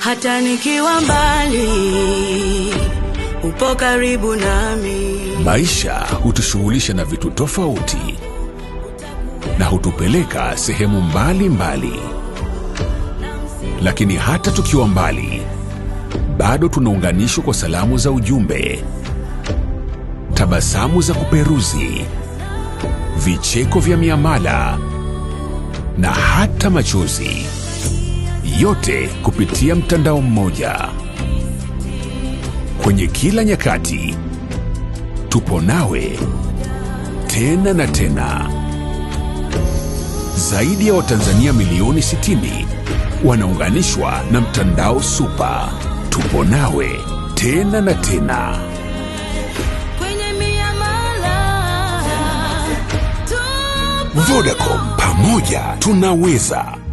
hata nikiwa mbali upo karibu nami. Maisha hutushughulisha na vitu tofauti na hutupeleka sehemu mbali mbali, lakini hata tukiwa mbali bado tunaunganishwa kwa salamu za ujumbe, tabasamu za kuperuzi, vicheko vya miamala na hata machozi yote kupitia mtandao mmoja. Kwenye kila nyakati tupo nawe tena na tena. Zaidi ya Watanzania milioni 60 wanaunganishwa na mtandao Supa. Tupo nawe tena na tena. Vodacom, pamoja tunaweza.